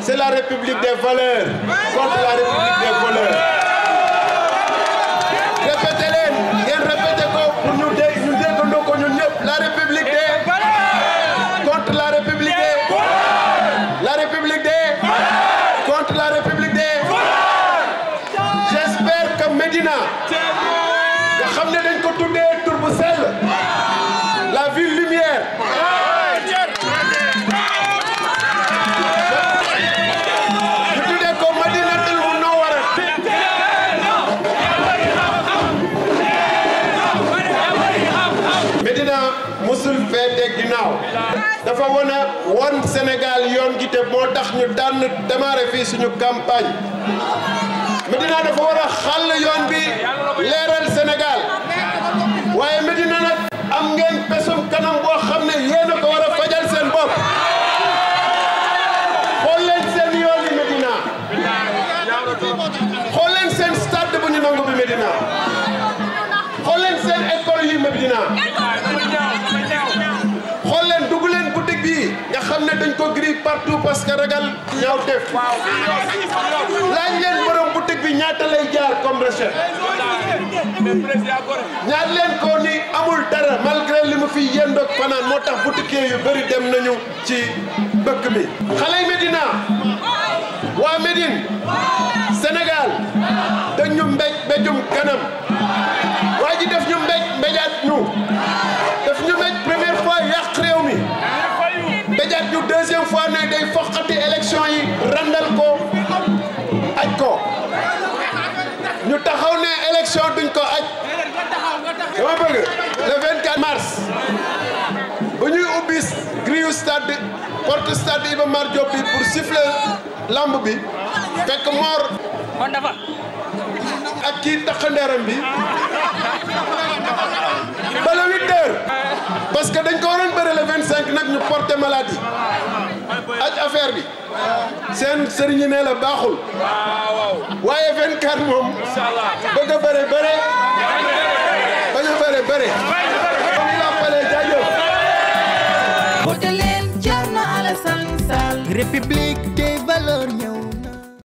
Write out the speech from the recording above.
c'est la République des voleurs contre la République des voleurs. Répétez-le, et répétez pour nous dire que nous la République des voleurs contre la République des voleurs. La République des voleurs contre la République des voleurs. J'espère que Medina, que nous avons tout tour mësul féete ginnaaw dafa wane wan Sénégal yoon gi te moo tax ñu tànn démarré fii suñu campagne Médina dafa war a xàll yoon bi leeral Sénégal waaye Médina nag am ngeen pesum kanam boo xam ne yéen ko war fajal seen bopp xool leen seen yoon yi Médina xool leen seen stade bu ñu bi Médina xool leen seen école yi Médina xam ne dañ ko gris partout parce que ragal ñaaw def laaj leen borom boutique bi ñaata lay jaar comme recette ñaat leen ko ni amul dara malgré li mu fi yendoog fanaan moo tax boutique yu bëri dem nañu ci bëkk bi xale yi Medina waa Médine Sénégal dañ ñu mbéj kanam waa ji def ñu mbéj mbéjaat ñu bëgg le 24 mars bu ñuy ubbi grille stade porte stade Iba Mar Diop bi pour siffler lamb bi fekk Mor. ak kii taxandeeram bi ba le parce que dañ ko waroon bëre le 25 nag ñu porté maladie ak affaire bi seen sëriñ ne la baaxul waaye moom bëgg a bëre voté leen Thierno Alassane Sall république des valeurs